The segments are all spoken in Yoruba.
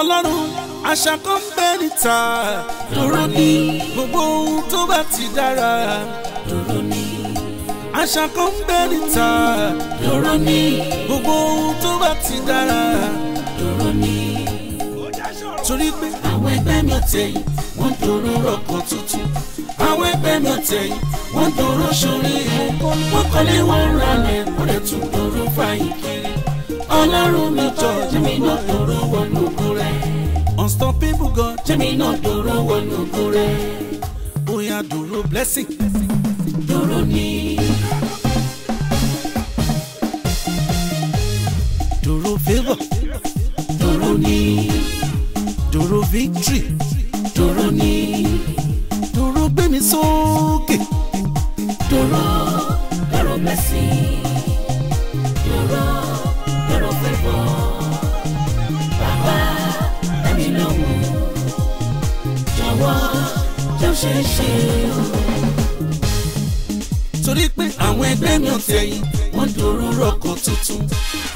ọlọ́run aṣàkọ́ńbẹ́ níta dúró ní gbogbo ohun tó bá ti dára dúró ní aṣàkọ́ńbẹ́ níta dúró ní gbogbo ohun tó bá ti dára dúró ní. torí pé àwọn ẹgbẹ́ mi ò tẹ̀yìn wọ́n dòrò rọ̀kọ̀ tuntun àwọn ẹgbẹ́ mi ò tẹ̀yìn wọ́n dòrò sórí ẹ̀ wọ́n kọ́lé wọn ralẹ̀ wọ́n lè tún dòrò fàyè kiri ọlọ́run mi jọ jẹ́mi náà dòrò wọnú ikùn rẹ̀. unstoppable God jẹ́mi náà dòrò wọnú ikùn rẹ̀. bóyá dòrò blessing. dòrò ni. dòrò favour. dòrò ni. dòrò victory. ṣeé ṣe o. torí pé àwọn ẹgbẹ́ mi ò tẹ̀yìn wọ́n dòrò rọ́kọ̀ tuntun.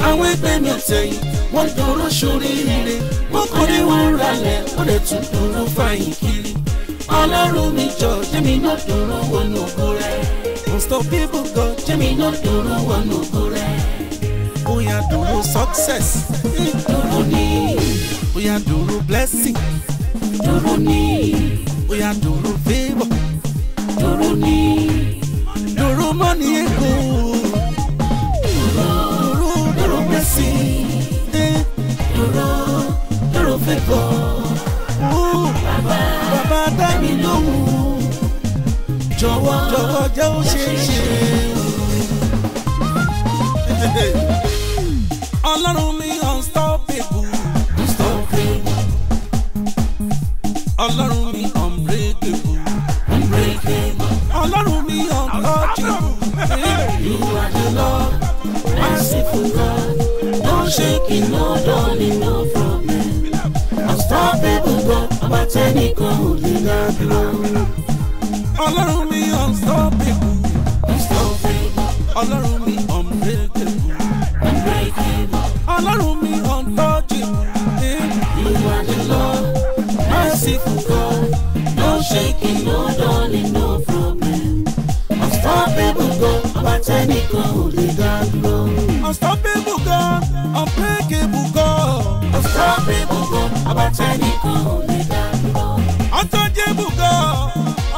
àwọn ẹgbẹ́ mi ò tẹ̀yìn wọ́n dòrò ṣoríire. wọ́n kọ́lé wọn ralẹ̀ wọ́n lè tún dòrò fàyìn kiri. ọlọ́run mi jọ jẹ́mi náà dòrò wọnú ògo rẹ̀. unstoppable God jẹ́mi náà dòrò wọnú ògo rẹ̀. bóyá dòrò success. dòrò ní. bóyá dòrò blessing. dòrò ní bóyá dòrò fébọ̀. dòrò ní. dòrò mọ́ni èkó. dòrò dòrò pẹ́sì. dòrò dòrò fébọ̀. bàbá bàbá dá mi lóhùn. jọ̀wọ́ jọ̀wọ́ jẹ́ ó ṣe é Hey, hey. shaking, no darling, no problem. Unstoppable God, ọba tẹ́nìkan ò lè All around me, unstoppable. Unstoppable. Ọlọ́run mi unbreakable. Unbreakable. Ọlọ́run mi untouchable. You are the Lord, merciful God. No shaking, no darling, no problem. Unstoppable God, ọba tẹ́nìkan ò lè dàgbà. Unstoppable God sọ́ọ̀bì gbogbo abatẹ́nìkan ò lè dàrúgbọ́. ọ̀tọ̀ jẹ́ bùgọ́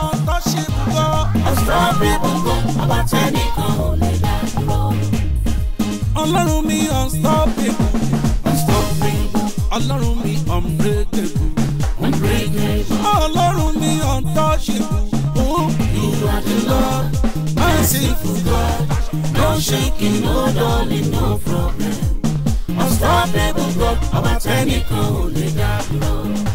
ọ̀tọ̀ ṣe bùgọ́. sọ́ọ̀bì gbogbo abatẹ́nìkan ò lè dàrúgbọ́. ọlọ́run mi unstoppable. unstoppable. ọlọ́run mi unbreakable. ọlọ́run mi untouchable. you are the Lord merciful God. no shaking no darling no fraud unstoppable God ọba tẹ́nìkan ò lè dá dúró.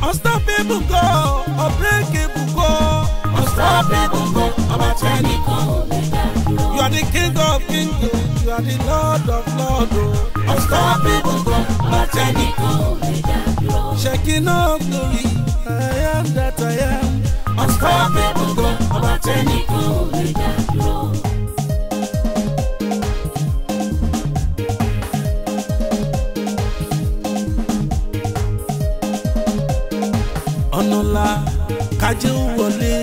unstoppable God unbreakable God. unstoppable God ọba tẹ́nìkan ò lè you are the king of kings you are the lord of lords. Oh. unstoppable God ọba tẹ́nìkan ò lè dá dúró. ṣèkínà glory I am that I am. unstoppable God ọba tẹ́nìkan. jẹ́ ó wọlé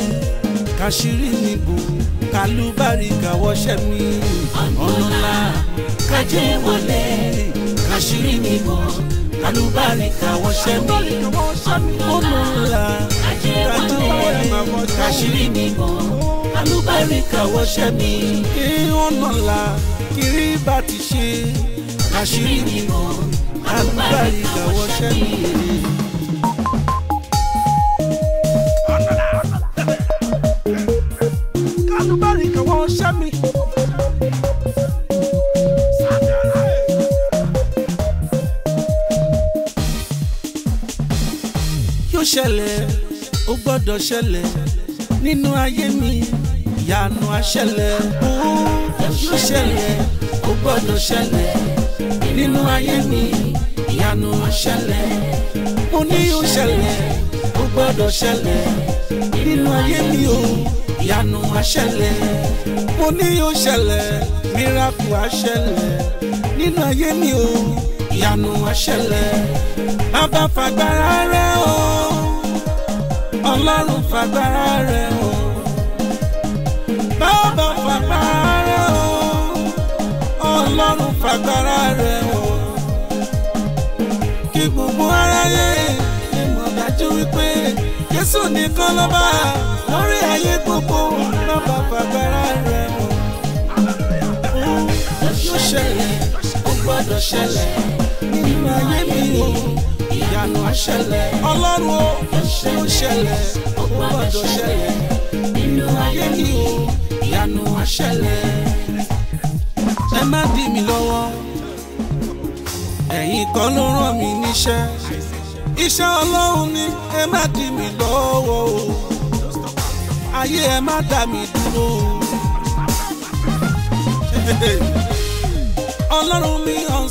kàṣírí mi bò kálúbáríkà wọṣẹ́ mi ọ̀nàlá kájẹ́ ó wọlé kàṣírí mi bò kálúbáríkà wọṣẹ́ mi ọ̀nàlá kájẹ́ ó wọlé kàṣírí mi bò kálúbáríkà wọṣẹ́ mi ọ̀nàlá kiri bá ti ṣe kàṣírí mi bò kálúbáríkà wọṣẹ́ mi. ó ṣẹlẹ̀ nínú ayé mi ìyanu á ṣẹlẹ̀ ó yóò ṣẹlẹ̀ ó gbọ́dọ̀ ṣẹlẹ̀ nínú ayé mi ìyanu á ṣẹlẹ̀ mo ní ó ṣẹlẹ̀ ó gbọ́dọ̀ ṣẹlẹ̀ nínú ayé mi o ìyanu á ṣẹlẹ̀ mo ní ó ṣẹlẹ̀ miracle á ṣẹlẹ̀ nínú ayé mi o ìyanu á ṣẹlẹ̀ bàbá fagbára rẹ o ọlọ́run fagbára rẹ̀ o bàbá fagbára rẹ̀ o ọlọ́run fagbára rẹ̀ o kí gbogbo aráyé lè mọ̀ dájú wípé Jésù nìkan lọ́ba lórí ayé gbogbo bàbá fagbára rẹ̀ o yóò ṣẹlẹ̀ ó gbọ́dọ̀ ṣẹlẹ̀ nínú ayé mi ìyanu á ọlọ́run o ó ń ṣẹlẹ̀ ó gbọ́dọ̀ ṣẹlẹ̀ nínú ayé mi ò ìyanu á ṣẹlẹ̀. ẹ má dì mí lọ́wọ́ ẹ̀yin kan ló ràn mí níṣẹ́ iṣẹ́ ọlọ́run ni ẹ má dì mí lọ́wọ́ o ayé ẹ má dà mí dúró o ọlọ́run mi ọ̀hún.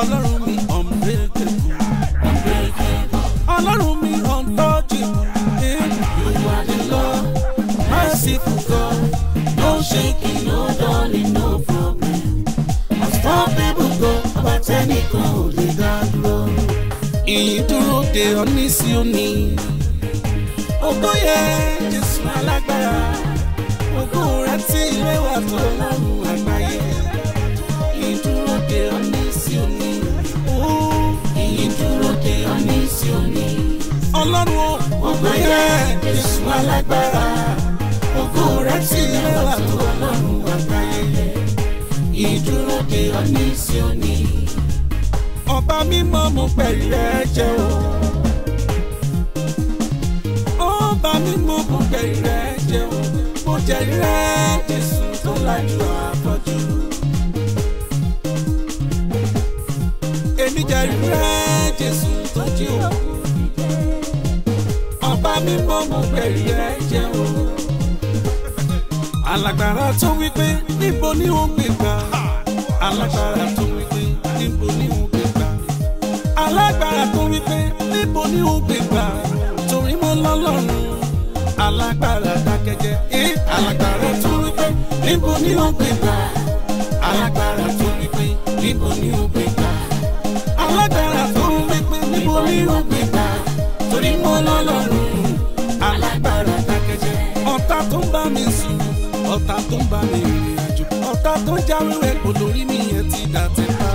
ọlọ́run mi unbreakable ọlọ́run mi untouchable you are the Lord merciful God no shaking no dulling no problem unstoppable God ọba tẹ́nìkan ò lè dá dúró. ìdúró de ọní sí òní ògbóyè Jésù alágbára ògùn rẹ tí ìrẹwà tó. ọlọ́run o. ògo yẹ Jésù alágbára ògo rẹ ti yára tó ọlọ́run àgbáyé ìdúró de ọní sí òní. ọba mímọ́ mo pẹ̀lú ẹ jẹ́ o. ọba mímọ́ mo pẹ̀lú ẹ jẹ́ o. mo jẹ́ rẹ Jésù tó lájú àfọ́jú. èmi jẹ́ rẹ Jésù tó jí òkú mi mọ́ mo pẹ̀lú ẹ jẹun. alágbára tó wí pé níbo ni ó gbé gbà. alágbára tó wí pé níbo ni ó gbé gbà. alágbára tó wí pé níbo ni ó gbé gbà. torí mo lọ́lọ́run alágbára dákẹ́jẹ́. ee alágbára tó wí pé níbo ni ó gbé gbà. alágbára tó wí pé níbo ni ó gbé gbà. alágbára tó wí pé níbo ni ó gbé gbà. tó ń bá mi rìnrìn àjò ọ̀tá tó ń jáwé rẹ̀ kò lórí mi yẹn ti dà tẹ̀ pa.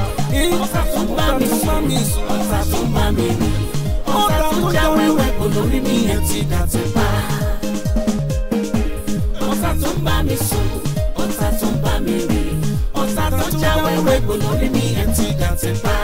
ọ̀tá tó ń bá mi sùn ọ̀tá tó ń bá mi rìn ọ̀tá tó ń jáwé rẹ̀ kò lórí mi yẹn ti dà tẹ̀ pa. ọ̀tá tó ń bá mi sùn ọ̀tá tó ń bá mi rìn ọ̀tá tó ń jáwé rẹ̀ kò lórí mi yẹn ti dà tẹ̀ pa.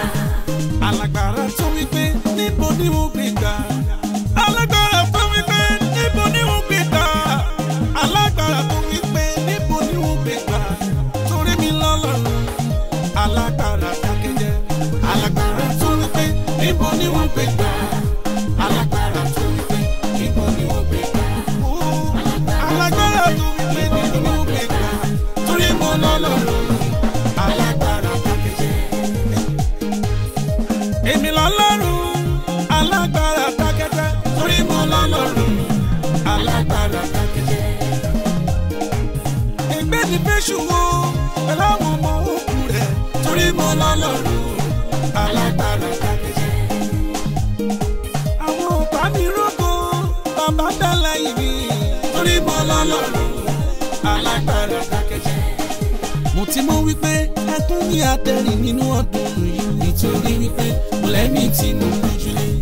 àti mọ̀ wípé a tún ní àtẹ̀rìn nínú ọdún yìí nítorí wípé mọ̀lẹ́bí Tinubu jùlẹ̀.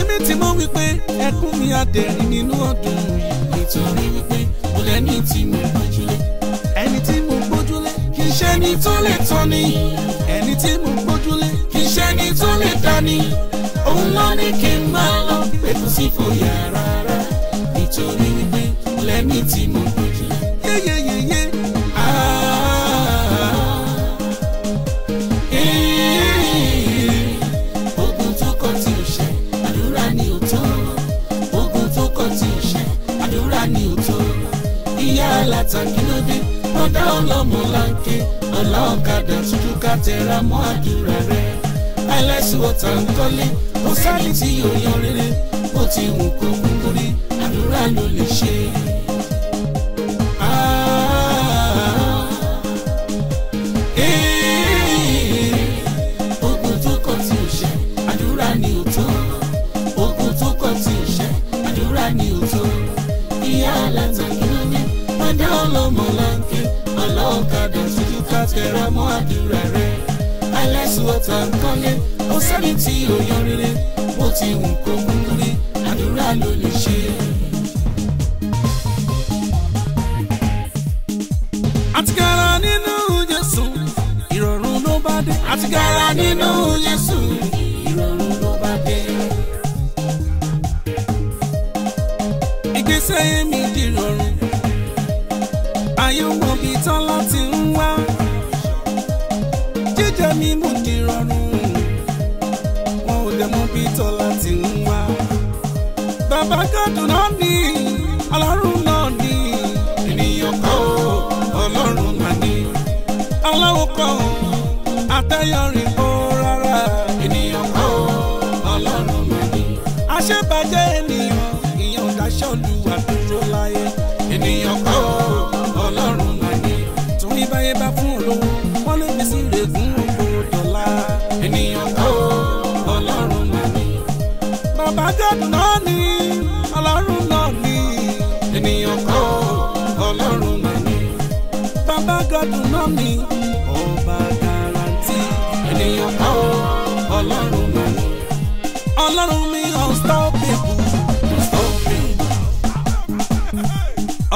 èmi ti mọ̀ wípé ẹkún ní àtẹ̀rìn nínú ọdún yìí nítorí wípé mọ̀lẹ́bí Tinubu jùlẹ̀. ẹni tí mo gbójúlé kì í ṣe ẹni tó lè tọ́ ni ẹni tí mo gbójúlé kì í ṣe ẹni tó lè dá ni òun ló ní kí n máa lọ pé kò sí fòyà rárá nítorí wípé mọ̀lẹ́bí Tinubu. Sakilobi ọ̀dà ọlọ́mọláńkè aláọ̀kadà túndúkà tẹra mọ́ àdúrà rẹ̀ ẹlẹ́sìn ọ̀tà ń kọ́lé kò sẹ́ni tí yóò yan rere bó ti wù kó kúkúrí àdúrà ló lè ṣe é. tẹra mọ́ àdúrà rẹ̀ aláìsàn ọ̀tá ń kọ́lé ó sẹ́ni tí ó yan rere bó ti wù kó kúkú rí àdúrà ló lè ṣe. àtìkárà nínú Jésù ìrọ̀rùn ló bá dé àtìkárà nínú Jésù ìrọ̀rùn ló bá dé. ìgbésẹ̀ mi. 太阳。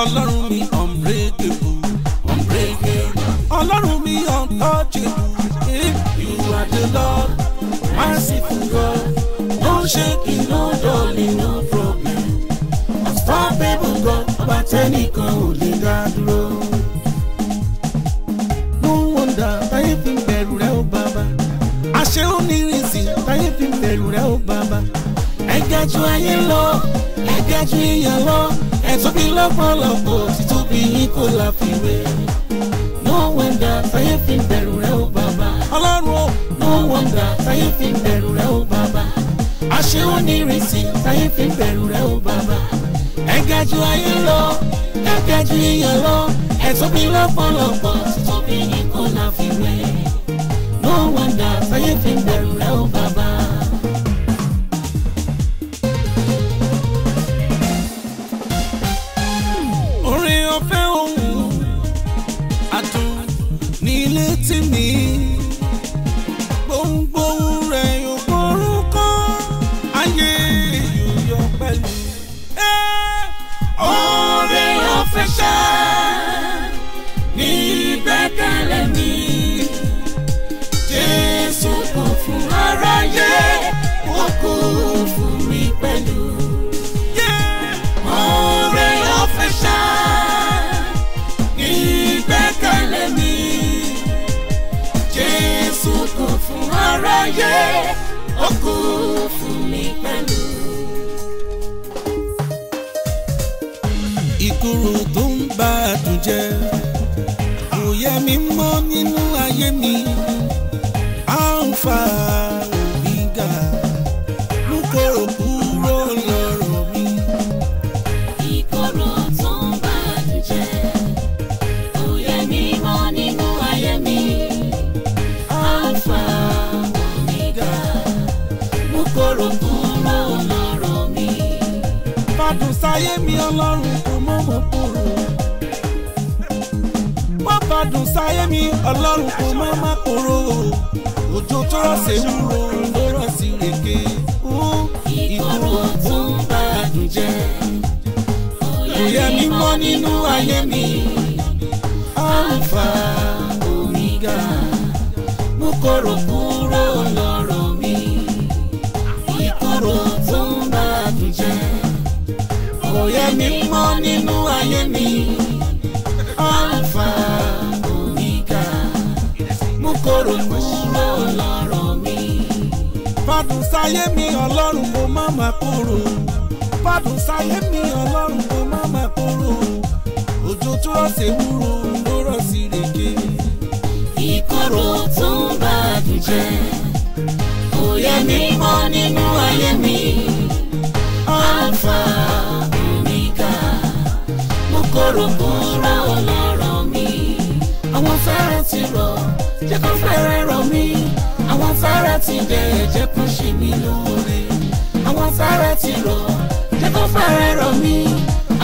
ọlọ́run mi unbreakable unbreakable ọlọ́run mi untouchable if you are the Lord merciful God no shaking no dulling no problem unstoppable God ọba tẹ́nìkan ò lè dá dúró. no wonder táyé fi ń bẹ̀rù rẹ̀ ó bàbá àṣẹ onírìnsì táyé fi ń bẹ̀rù rẹ̀ ó bàbá ẹ̀gá ayé lọ ẹ̀gá ju lọ ẹ̀tún bí lọ́pọ̀lọpọ̀ títún bí yín kò láfiwé. no wonder táyé fi ń bẹ̀rù rẹ ó bàbá. ọlọ́run o. no wonder táyé fi ń bẹ̀rù rẹ ó bàbá. àṣé ó ní ìrètí táyé fi ń bẹ̀rù rẹ ó bàbá. ẹ ga ju ayé lọ ẹ ga ju iyàn lọ ẹ̀tún bí lọ́pọ̀lọpọ̀ títún bí yín kò láfiwé. no wonder táyé fi ń bẹ̀rù rẹ ó bàbá. ayé ó kún fún mi pẹ̀lú. ìkorò tó ń bá a dùn jẹ́. ọlọ́run kò má má kúrò òjò tó rọ̀ sí rúro ló rọ̀ sí rèké ìkorò tó ń bá àdùn jẹ́ kò yẹ mí nínú ayé mi alfa omega mú korò kúrò lọ́rọ̀ mi ìkorò tó ń bá àdùn jẹ́ kò yẹ mí nínú ayé mi. fàdùn sáyé mi ọlọ́run kò má má kúrò fàdùn sáyé mi ọlọ́run kò má má kúrò òjò tó wúro ló rọ̀ṣì rèké. ìkorò tó ń bá dùn jẹ́ kò yẹ mí mọ́ nínú ayé mi alfa omega mo kóró kóra ọlọ́rọ̀ mi àwọn fẹ́ràn jẹ́ kó fẹ́rẹ̀ rọ̀ mí àwọn sára ti dẹ̀ jẹ́ kó ṣe mí lóore àwọn sára ti rọ̀ jẹ́ kó fẹ́rẹ̀ rọ̀ mí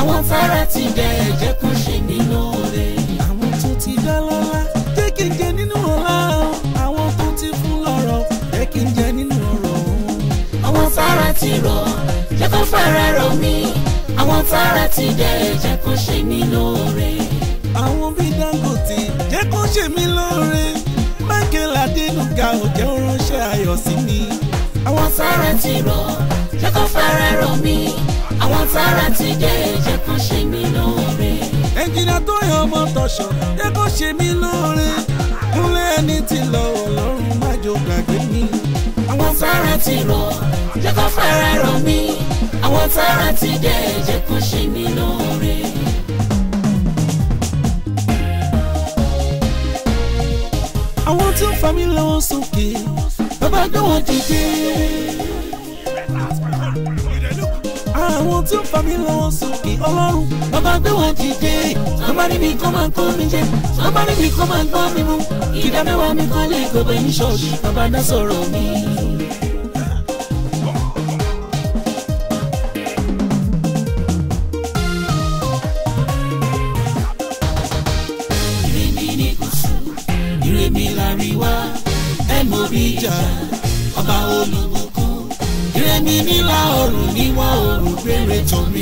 àwọn sára ti dẹ̀ jẹ́ kó ṣe mí lóore. àwọn tó ti dá lọ́lá jẹ́ kí n jẹ nínú ọlá o àwọn tó ti fún lọ́rọ̀ jẹ́ kí n jẹ nínú ọrọ̀ o. àwọn sára ti rọ̀ jẹ́ kó fẹ́rẹ̀ rọ̀ mí àwọn sára ti dẹ̀ jẹ́ kó ṣe mí lóore. àwọn bíi Dangote jẹ́ kó ṣe mí lóore adénúgà ò jẹ́ ránṣẹ́ ayọ̀ sí mi. àwọn tára ti rọ jẹ́ kó fara rọ mi àwọn tára ti dé jẹ́ kó ṣe mí lóore. ẹnjìnà tó yàn ọmọ tọ̀ṣọ̀ jẹ́ kó ṣe mí lóore. múlẹ̀ ẹni tí lọ ọlọ́run má jò gbàgbé mi. àwọn tára ti rọ jẹ́ kó fara rọ mi àwọn tára ti dé jẹ́ kó ṣe mí lóore. tún fa mi lọ́wọ́ sókè bàbá gbé wọn dìde. àwọn tún fa mi lọ́wọ́ sókè ọlọ́run bàbá gbé wọn dìde. sọ́mọ́rí mi kọ́ máa ń kọ́ mi jẹ sọ́mọ́rí mi kọ́ máa ń gbọ́ mi mú ìdá mẹ́wàá mi kọ́ lè gbọ́ bẹ́ẹ̀ ní ṣọ́ọ̀ṣì bàbá dá sọ̀rọ̀ mi. to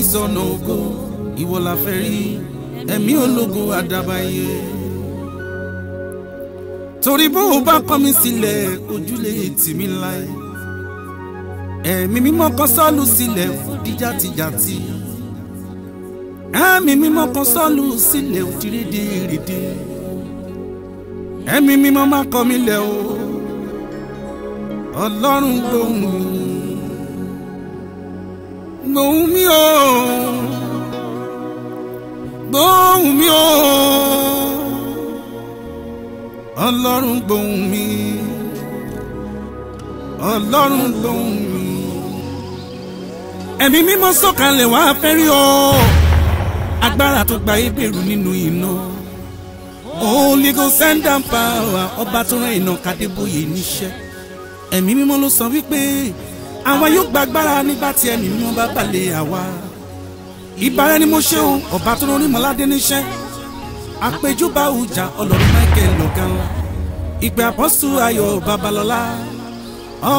ìsọ̀nà ògo ìwọ la fẹ́ rí ẹ̀mí ológo àdàbàyè. torí bó o bá kọ̀ mí sílẹ̀ ojú lè tì mí láì. ẹ̀mí mímọ́ kọ̀ Sọ́ọ̀lù sílẹ̀ fún jíjàtìjàtì. ẹ̀mí mímọ́ kọ̀ Sọ́ọ̀lù sílẹ̀ fún rédèrèdè. ẹ̀mí mímọ́ má kọ̀ mí lẹ̀ o ọlọ́run gbóhùn mi gbóhùn mi o gbóhùn mi o ọlọ́run gbóhùn mi ọlọ́run gbóhùn mi. ẹ̀mí mímọ́ sọ̀kalẹ̀ wá fẹ́ rí ọ agbára tó gba ebèrú nínú iná Holy Ghost send down power ọba tó rán iná kádébóyè níṣẹ́ ẹ̀mí mímọ́ ló sọ wípé àwọn yóò gbàgbára nígbà tí ẹ̀mí mi bá balẹ̀ àwa. ìbára ni mo ṣe o ọba tó lórí mọ́ládé níṣẹ́ àpèjúbà ọjà ọlọ́run michael lọ́gán ìpè àpọ́sù ayọ̀ babalọ́lá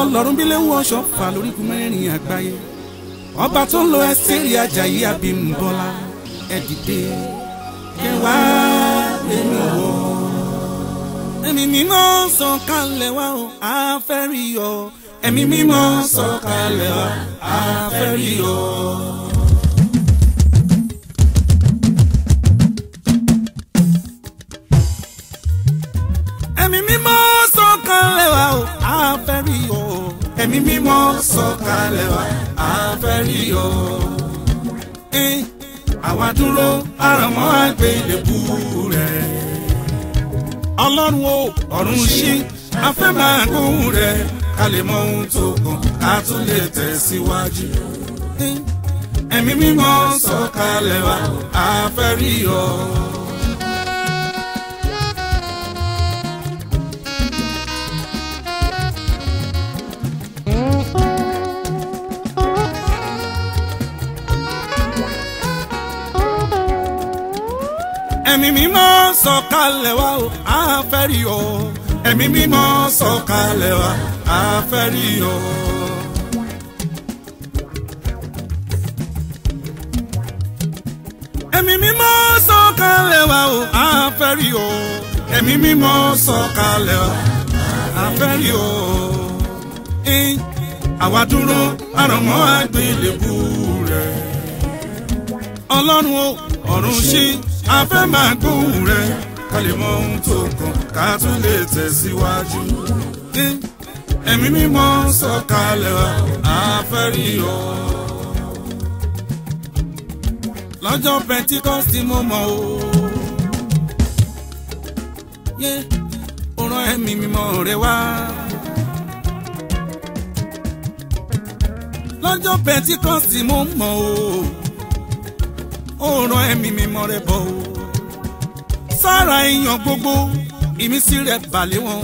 ọlọ́run bílẹ̀ wọ ọṣọ fà lórígun mẹ́rin àgbáyé ọba tó ń lo ẹsẹ̀ rí ajayi abímbọ́lá ẹ dìde kẹwàá lèmi wọ. ẹ̀mí mímọ́ sọ̀kalẹ̀ wá o a rí ọ ẹ̀mí mímọ́ sọ̀kalẹ̀ wá àfẹ́rí o. ẹ̀mí mímọ́ sọ̀kalẹ̀ o àfẹ́rí o. ẹ̀mí mímọ́ sọ̀kalẹ̀ wá àfẹ́rí o. àwa dúró àràmọ́ àgbélébùú rẹ̀. ọlọ́run o ọ̀run ṣí afẹ́ máa gbóhùn rẹ̀ ká lè mọ ohun tó kàn ká tún lè tẹ̀síwájú. ẹ̀mí mímọ́ sọ̀kalẹ̀ wá a fẹ́ rí ọ. ẹ̀mí mímọ́ sọ̀kalẹ̀ wá o fẹ́ rí ọ ẹ̀mí mímọ́ sọ̀kalẹ̀ wá afẹ́rí o. ẹ̀mí mímọ́ sọ̀kalẹ̀ wá o afẹ́rí o. ẹ̀mí mímọ́ sọ̀kalẹ̀ wá afẹ́rí o. àwa dúró àrọ̀mọ́ àgbélébú rẹ̀. ọlọ́run o ọ̀run ṣí afẹ́ máa gbóhùn rẹ̀ ká mọ ohun tó kàn ká tún lè tẹ̀síwájú ẹ̀mí mímọ́ sọ̀kalẹ̀ wá àfẹ́rí o. lọ́jọ́ pentikọ́sì mo mọ̀ o. yé o rán ẹ̀mí mímọ́ rẹ wá. lọ́jọ́ pentikọ́sì mo mọ̀ o. o rán ẹ̀mí mímọ́ rẹ bọ̀ o. sára èèyàn gbogbo ìmísí rẹ̀ balẹ̀ wọn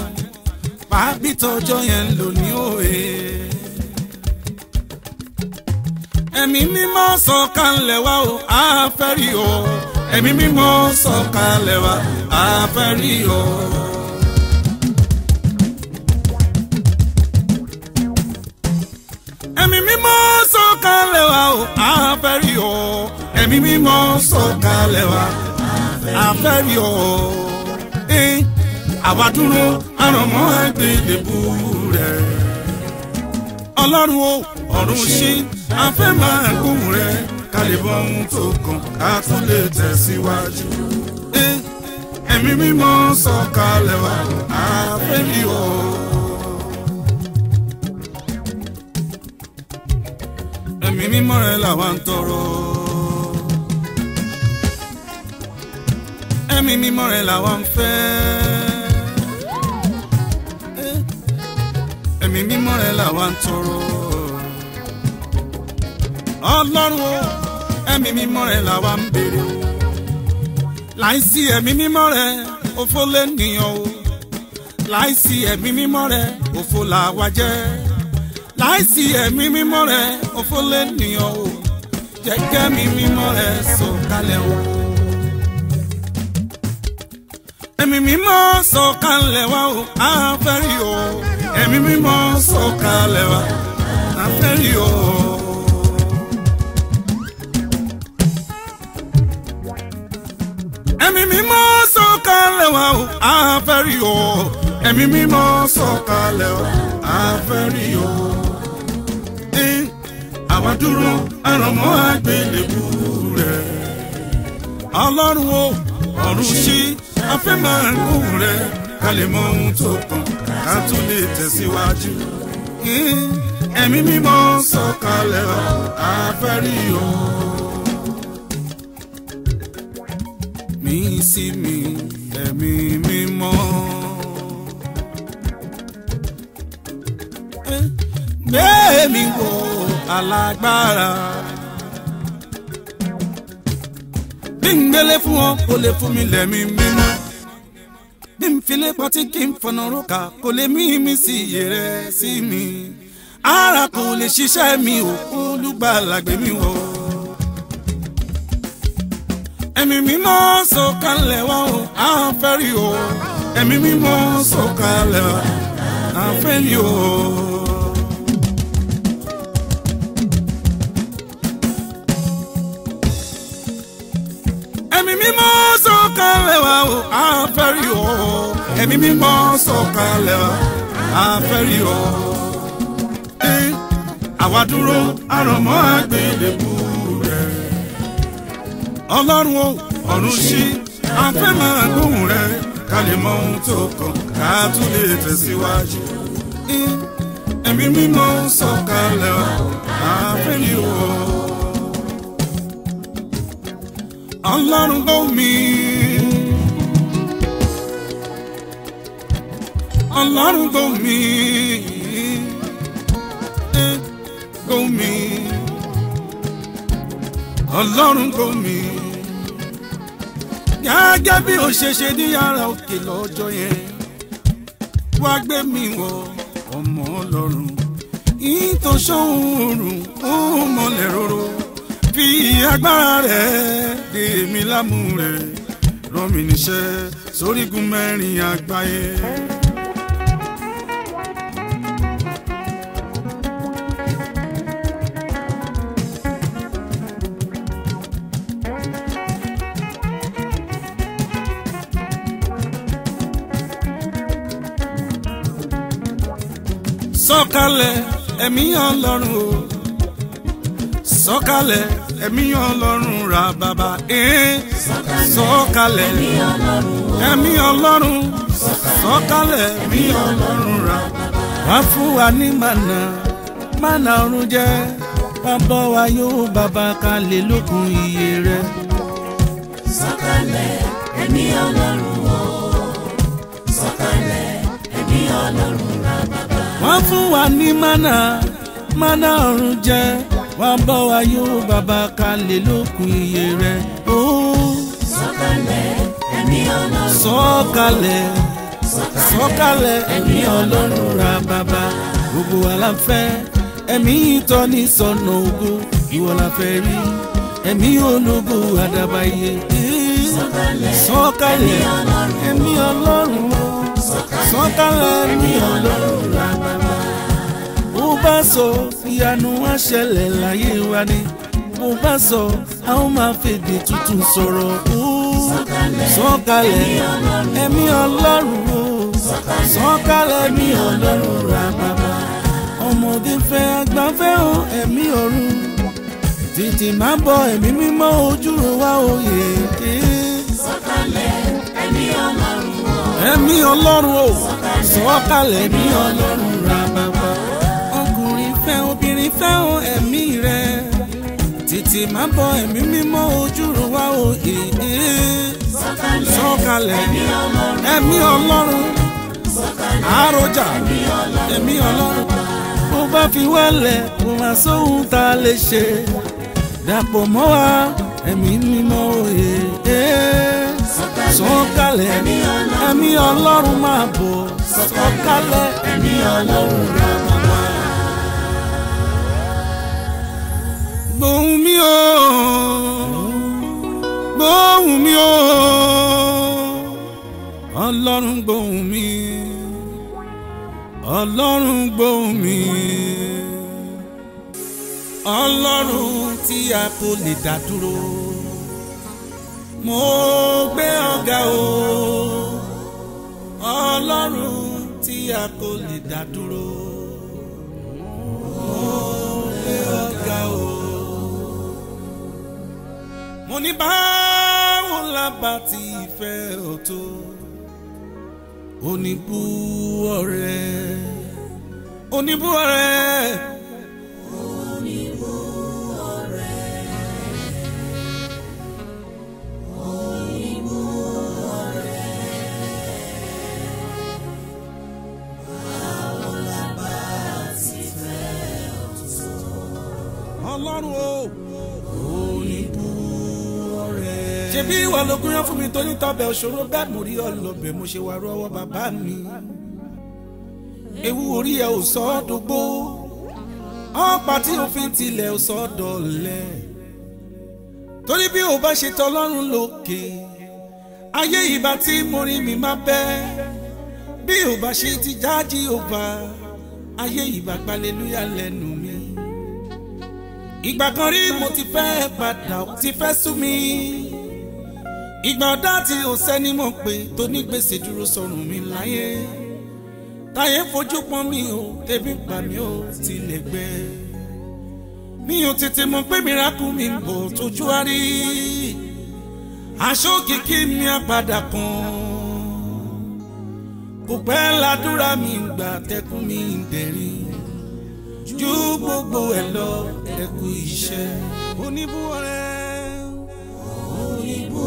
pàápì tọjọ́ yẹn ń lò ní òye. ẹ̀mí mímọ́ sọ̀kalẹ̀ wá o àfẹ́rí o ẹ̀mí mímọ́ sọ̀kalẹ̀ wá àfẹ́rí o. ẹ̀mí mímọ́ sọ̀kalẹ̀ wá o àfẹ́rí o ẹ̀mí mímọ́ sọ̀kalẹ̀ wá àfẹ́rí o àwa dúró àrànmọ́ ẹgbẹ́ ìdìbò rẹ̀. ọlọ́run o ọ̀run ṣí a fẹ́ máa kún rẹ̀ ká lè bọ ohun tó kàn ká tún lè tẹ̀síwájú. Eh, ẹ̀mí mímọ́ sọ̀kalẹ̀ wá àfẹ́ mi o. ẹ̀mí mímọ́ rẹ̀ làwa ń tọrọ. ẹ̀mí mímọ́ rẹ̀ làwa ń fẹ́. ẹ̀mí mímọ́ rẹ̀ làwa ń tọrọ. ọlọ́run o ẹ̀mí mímọ́ rẹ̀ làwa ń béèrè o. láìsí ẹ̀mí mímọ́ rẹ̀ òfo lè nìyàn o. láìsí ẹ̀mí mímọ́ rẹ̀ òfo làwa jẹ́. láìsí ẹ̀mí mímọ́ rẹ̀ òfo lè nìyàn o. jẹ́ kẹ́mi mímọ́ rẹ̀ sọ̀kalẹ̀ o. ẹ̀mí mímọ́ sọ̀kalẹ̀ wa o a fẹ́ rí o ẹ̀mí mímọ́ sọ̀kalẹ̀ wá a fẹ́ rí o. ẹ̀mí mímọ́ sọ̀kalẹ̀ wá o a fẹ́ rí o ẹ̀mí mímọ́ sọ̀kalẹ̀ wá a fẹ́ rí o. àwa dúró àrànmọ́ àgbélébú rẹ̀ ọlọ́run o ọ̀run ṣí a máa ń kú rẹ̀ ká lè ohun tó kàn ká tún lè tẹ̀síwájú. ẹ̀mí mímọ́ sọ̀kalẹ̀ ọ̀ àfẹ́rí o. mí sí mi ẹ̀mí mímọ́. gbẹ̀mí wo alágbára. bí n gbélé fún ọ kó lè fún mi lẹ́mí mímọ́ bí n filé pọtí kí n fọ̀nà róka kò lè mí mi sí iye rẹ sí mi ara kò lè ṣiṣẹ́ mi ò olùgbàlà gbé mi wọ̀. ẹ̀mí mímọ́ sọ̀kalẹ̀ wá o à o ẹ̀mí mímọ́ sọ̀kalẹ̀ wá à ń o. o a fẹ́ rí o ẹ̀mí mímọ́ sọ̀kalẹ̀ o a fẹ́ rí o. àwa dúró àrọ̀mọ́ àgbélébú rẹ̀ ọlọ́run o ọ̀run ṣí a fẹ́ máa gbóhùn rẹ̀ ká lè mọ ohun tó kàn ká tún lè tẹ̀síwájú. ẹ̀mí mímọ́ sọ̀kalẹ̀ o a fẹ́ rí o. Ọlọ́run gbọ́ mi. ọlọ́run gbọ́ mi gbọ́ mi ọlọ́run gbọ́ mi gẹ́gẹ́ bí o ṣe ṣe ní yàrá òkè lọ́jọ́ yẹn wá gbé mi wọ ọmọ ọlọ́run ìtòṣọ́ òórùn ó mọlẹ̀ róró fi agbára rẹ̀ dè mí lámú rẹ̀ rán mi níṣẹ́ sórígun mẹ́rin àgbáyé. sọ̀kalẹ̀ ẹ̀mí ọlọ́run o sọ̀kalẹ̀ ẹ̀mí ọlọ́run ra bàbá ee eh. sọ̀kalẹ̀ ẹ̀mí ọlọ́run sọ̀kalẹ̀ ẹ̀mí ọlọ́run ra wá fún wa ní mànà mànà ọ̀run jẹ́ bàbá wa yóò bàbá kalẹ̀ lókun iye rẹ̀. sọ̀kalẹ̀ ẹ̀mí ọlọ́run o sọ̀kalẹ̀ ẹ̀mí ọlọ́run o wọ́n fún wa ní mánà mánà ọ̀run jẹ wọ́n bọ́ wa yóò bàbá kalẹ̀ lókun iye rẹ̀ ó. sọ̀kalẹ̀ ẹ̀mí ọlọ́run. sọ̀kalẹ̀ sọ̀kalẹ̀ ẹ̀mí ọlọ́run ra bàbá gbogbo wa la fẹ́ ẹ̀mí ìtọ́ni sọ̀nà ògo ìwọ la fẹ́ rí ẹ̀mí ológo àdàbàyè sọ̀kalẹ̀ ẹ̀mí ọlọ́run sọ̀kalẹ̀ ní ọlọ́run àbàbà. bó bá sọ ìyanu wá ṣẹlẹ̀ láyé wa ni bó bá sọ a ó máa fèdè tuntun sọ̀rọ̀ sọ̀kalẹ̀ ẹ̀mí ọlọ́run o sọ̀kalẹ̀ ní ọlọ́run àbàbà. ọmọdé fẹ́ àgbà o ẹ̀mí ọ̀run títí máa bọ ẹ̀mí mímọ́ ojú wa òye. sọ̀kalẹ̀ ẹ̀mí ọlọ́run ẹ̀mí ọlọ́run o sọ̀kalẹ̀ ẹ̀mí ọlọ́run ràbàbà ọkùnrin fẹ́ obìnrin fẹ́ o ẹ̀mí rẹ tètè má bọ ẹ̀mí mímọ́ ojúrun wá o èdè sọ̀kalẹ̀ ẹ̀mí ọlọ́run àròjà ẹ̀mí ọlọ́run bó bá fi wálẹ̀ kò má sóhun tá a lè ṣe dàpọ̀ mọ́ wa ẹ̀mí mímọ́ o èdè sọ̀kalẹ̀ ẹ̀mí ọlọ́run máa bò sọ̀kalẹ̀ ẹ̀mí ọlọ́run máa bò. gbóhùn mi o gbóhùn mi o ọlọ́run gbóhùn mi ọlọ́run gbóhùn mi ọlọ́run tí a kò lè dá dúró mo gbé ọ̀gá o ọlọ́run tí a kò lè dá dúró mo gbé ọ̀gá o. mo ní báwo la bá ti fẹ́ ọ̀tọ̀ oníbú ọ̀rẹ́ oníbú ọ̀rẹ́. ọlọ́run o. oníbu ọ̀rẹ́. ṣebí ìwà lógún yán fún mi tó ní tọ́bẹ̀ òṣòro bẹ́ẹ̀ mo rí ọlọ́bẹ̀ mo ṣe wà rọ́wọ́ bàbá mi. ewu orí ẹ ò sọ ọ́ dógbó ọ̀pá tí o tilẹ̀ ò sọ dọ̀lẹ́. torí bí o bá ṣe tọ́lọ́run lókè ayé ìbá tí mo rí mi má bẹ́ẹ̀ bí o bá ṣe ti jáde ò bá ayé ìbá gbalẹ̀ lóyà lẹ́nu ìgbà kan rí mo ti fẹ́ padà ó ti fẹ́ sú mi ìgbà ọ̀dá tí ò sẹ́ni mọ̀ pé tó gbèsè dúró sọ̀rùn mi láyé táyé fojú pọ́n mi ò tẹ̀bí gbà mí ò tilẹ̀ gbẹ mi ò tètè mọ̀ pé mìíràkù mi ń bọ̀ tójú á rí aṣọ òkìkí mi àpàdà kan kò pẹ́ ládùúrà mi ń gbà tẹkùn mi ń dẹ̀rín ju gbogbo ẹ̀ lọ ẹ̀kú iṣẹ́. oníbú ọ̀rẹ́ oníbú.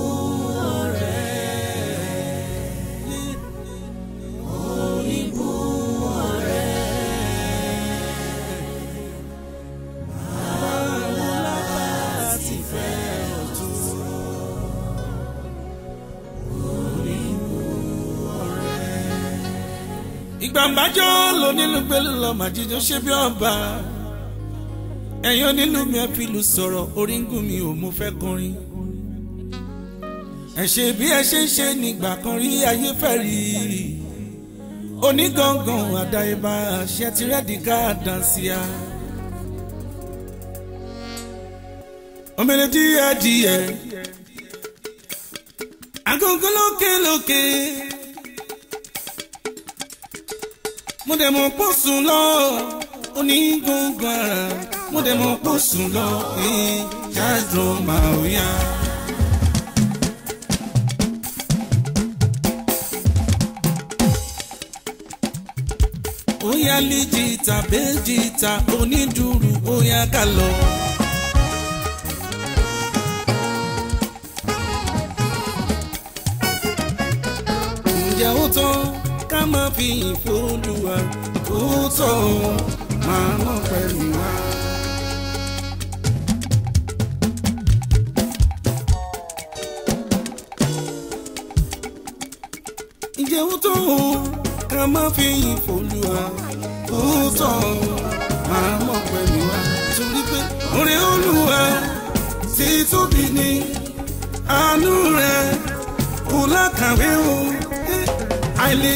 ìgbàmbájọ́ ló nílùú pẹ̀lú lọ́mọ jíjọ ṣe bí ọba ẹ̀yin onílù mi ẹ fi lù sọ̀rọ̀ oríngún mi ò mú fẹ́ kọrin ẹ ṣe bí ẹ ṣe ń ṣe nígbà kan rí ayé fẹ́ rí onígangan àdáyébá ṣe ti rẹ́dí ká dáńsíá. omele díẹ̀ díẹ̀ agogo lókè lókè. mo dẹ̀ mọ̀ pọ̀ sùn lọ onígungun ara mo dẹ̀ mọ̀ pọ̀ sùn lọ ẹ̀yìn jáàdùn máa ń yá. ó yá lè bẹ́ẹ̀ jìtà onídùúrù ó yá ká lọ. máa fi ìfòdùwà tó tọ̀ máa mọ̀ pẹ̀lú wa.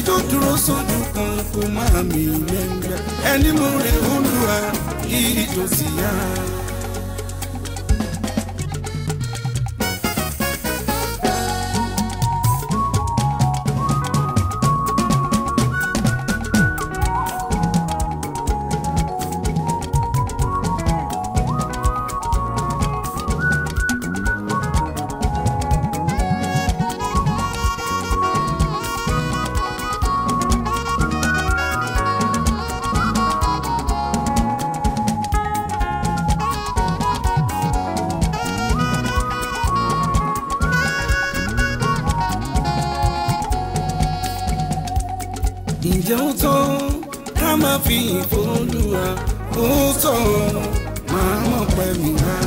tó dúró sójú kan kò má mi lẹ́ngbẹ́ ẹni mo rè olúwa yìí tó sì yára. mi há.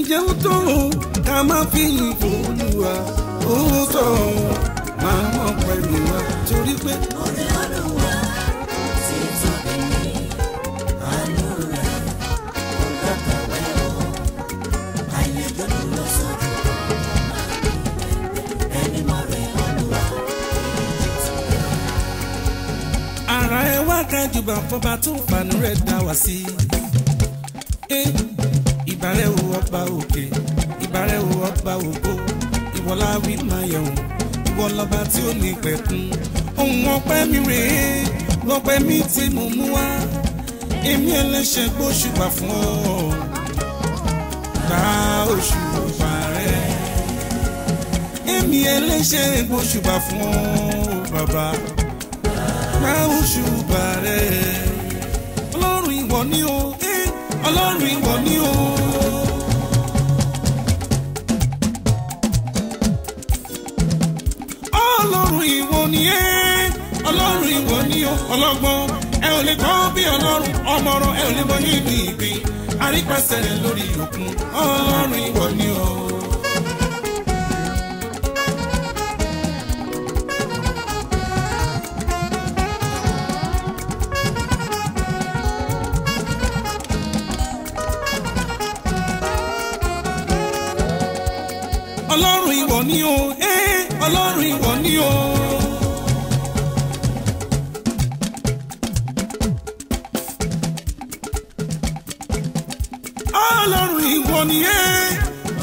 ìjẹun tó ń ká máa fi ìbò olúwa owó tó ń máa mọ̀ pẹ̀lú wa torí pé. orí ọdún wa. kẹ́jùbà fọba tó fàánú rẹ̀ dá wá sí. ìbàrẹ̀ wo ọba òkè ìbàrẹ̀ wo ọba ògbó ìwọlá wí máa yẹ̀wò ìwọ lọ́ba tí ó ní pẹ̀kun. ohun ọpẹ́ mi rèé lọ́pẹ́ mi ti mo mú wá èmi ẹlẹ́ṣẹ̀ gbóṣùbà fún ọ gba òṣùbà rẹ èmi ẹlẹ́ṣẹ̀ gbóṣùbà fún ọ bàbá àgbà oṣù bàrẹ̀ ọlọ́run ìwọ ni o ọlọ́run ìwọ ni o. ọlọ́run ìwọ ni e, ọlọ́run ìwọ ni o ọlọ́gbọ́n ẹ ò lè kọ́ bí ọlọ́run ọmọọ̀rọ̀ ẹ ò lè mọ yín ní ìgbín àrípasẹ̀ lórí òkun ọlọ́run ìwọ ni o.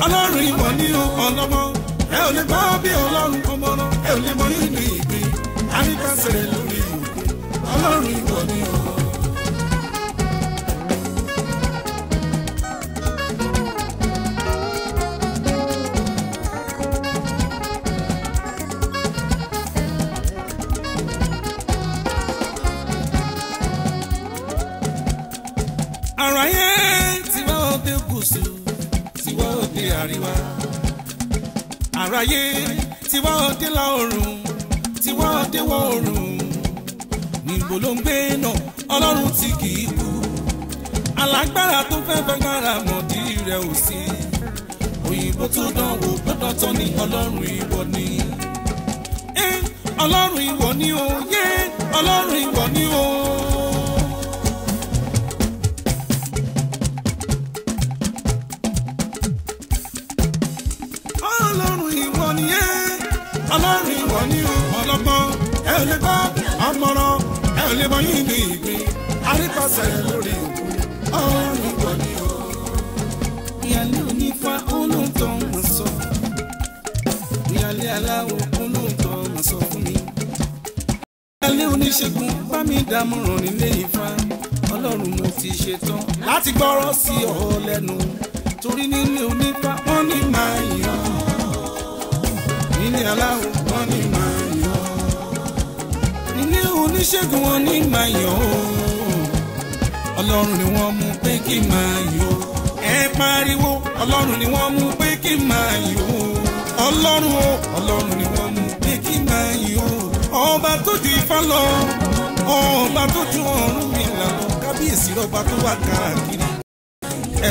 ọlọ́run ìmọ̀ ní o ọlọ́mọ ẹ ò lè bá bí ọlọ́run ọmọrọ ẹ ò lè mọ nínú ìgbín àríkàsẹ̀rẹ̀ lórí òkun ọlọ́run ìmọ̀ ní o. aráyé tiwa òde la oòrùn tiwa òde wọ oòrùn níbo ló ń gbé náà ọlọ́run ti kì í kú alágbára tó fẹ́ fagbára mọ̀dí rẹ̀ ò sí òyìnbó tó dánwò gbọ́dọ̀ tán ní ọlọ́run ìwọ ni. Eh, ọlọ́run ìwọ ni o yé ọlọ́run ìwọ ni o. pàṣẹ lórí òkú ọ̀hún ìwọ ni o. ìyáálé onífá olóòótọ́ mà sọ ìyáálé aláwọ̀ olóòótọ́ mà sọ fún mi. ìyáálé oníṣègùn bá mi dámọ̀ràn nílé Ifá ọlọ́run mo ti ṣetán láti gbọ́rọ̀ sí ọ lẹ́nu torí nílé onífá wọ́n ní máa yàn nílé aláwọ̀ wọ́n ní máa yàn nílé oníṣègùn wọ́n ní máa yàn o ọlọ́run ni wọ́n mú pé kí n máa yọ̀ ẹ pariwo ọlọ́run ni wọ́n mú pé kí n máa yọ̀ ọlọ́run o ọlọ́run ni wọ́n mú pé kí n máa yọ̀ ọba tó ju ifá lọ ọba tó ju ọ̀run mi lànà kábíyèsí rọba tó wà káàkiri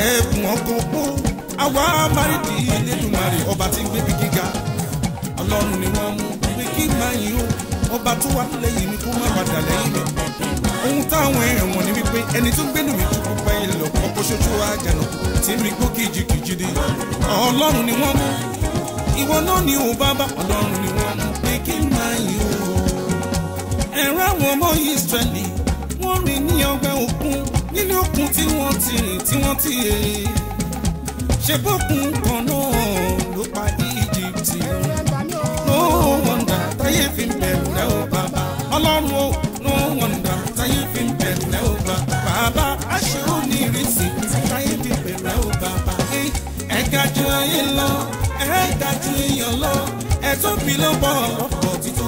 ẹ̀bùn ọkọ̀ pọ̀ àwa àmàrídì Elédùmarè ọba tí ń gbé bí gíga ọlọ́run ni wọ́n mú pé kí n máa yọ̀ ọba tó wà lẹ́yìn mi kó má padà lẹ́yìn mi ohun táwọn èèyàn mọ̀ ní wípé ẹni tó gbẹ́nu mi ju pupa ilẹ̀ ọ̀pọ̀ ṣoṣo àjànà tí mi gbó kìjikìji dé ọlọ́run ni wọ́n mú ìwọ náà ni ò bàbá ọlọ́run ni wọ́n mú pé kí n máa yí o ẹ̀rọ àwọn ọmọ Ísírẹ́lì wọ́n rìn ní ọgbẹ́ òkun nínú òkun tí wọ́n ti rìn tí wọ́n ti yè ṣe bókun kan náà ló pa Íjíbítì no wonder táyé fi bẹ̀rù rẹ̀ ó bàbá ọlọ́run o. ju ayé lọ ẹ̀ẹ́dájú èèyàn lọ ẹ̀ tó fi ló bọ̀ ọ̀pọ̀ títí.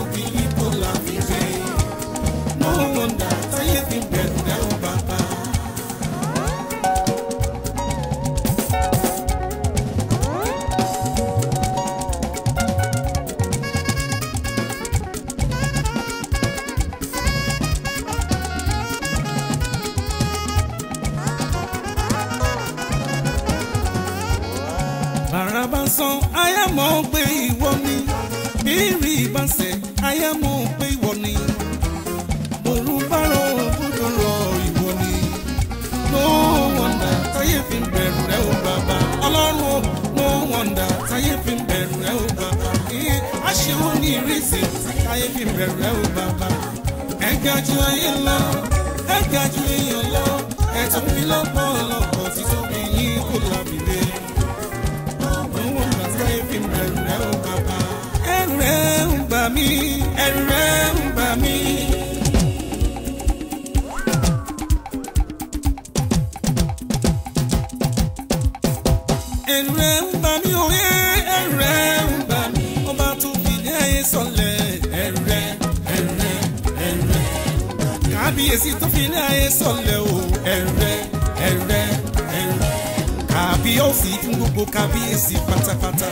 mọ̀ pé ìwọ ni bí rí ìbánsẹ̀ ayé mọ̀ pé ìwọ ni òru bárò gbọdọ̀ rọ ìwọ ni no wonder táyé fi ń bẹ̀rù rẹ ó bàbá ọlọ́run ó no wonder táyé fi ń bẹ̀rù rẹ ó bàbá ìyẹn aṣèwọ ní ìrísí táyé fi ń bẹ̀rù rẹ ó bàbá ẹ ga ju ayé lọ ẹ ga ju èèyàn lọ ẹ tó lọ́pọ̀ ọlọ́pọ̀ títọ́. mí ẹ̀rù rẹ̀ ń bà mí. ẹ̀rù rẹ̀ ń bà mí òye ẹ̀rù rẹ̀ ń bà mí ọba tó fi dé ayé sọlẹ̀ ẹ̀rù rẹ̀ ẹ̀rù rẹ̀ ẹ̀rù rẹ̀ kábíyèsí tó fi dé ayé sọlẹ̀ o ẹ̀rù rẹ̀ ẹ̀rù kábíyèsí fún gbogbo kábíyèsí pátápátá